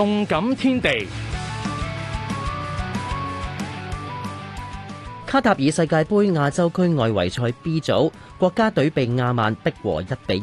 動感天地。卡塔爾世界杯亞洲區外圍賽 B 組，國家隊被阿曼逼和一比一。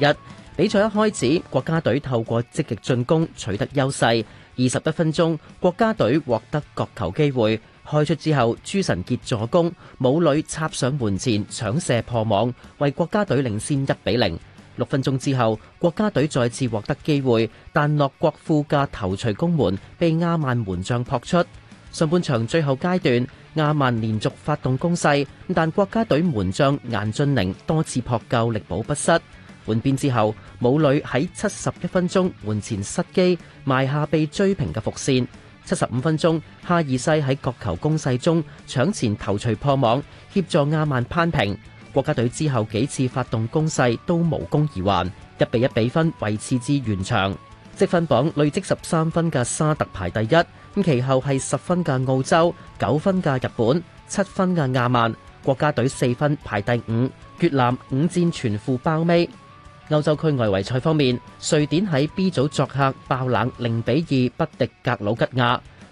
比賽一開始，國家隊透過積極進攻取得優勢。二十一分鐘，國家隊獲得角球機會，開出之後朱晨杰助攻，母女插上門前搶射破網，為國家隊領先一比零。六分鐘之後，國家隊再次獲得機會，但洛國富嘅頭槌攻門被阿曼門將撲出。上半場最後階段，阿曼連續發動攻勢，但國家隊門將顏俊寧多次撲救力保不失。換邊之後，武磊喺七十一分鐘門前失機，埋下被追平嘅伏線。七十五分鐘，哈爾西喺角球攻勢中搶前頭槌破網，協助阿曼攀平。國家隊之後幾次發動攻勢都無功而還，一比一比分維持至完場。積分榜累積十三分嘅沙特排第一，咁其後係十分嘅澳洲、九分嘅日本、七分嘅阿曼，國家隊四分排第五。越南五戰全負包尾。歐洲區外圍賽方面，瑞典喺 B 組作客爆冷零比二不敵格魯吉亞。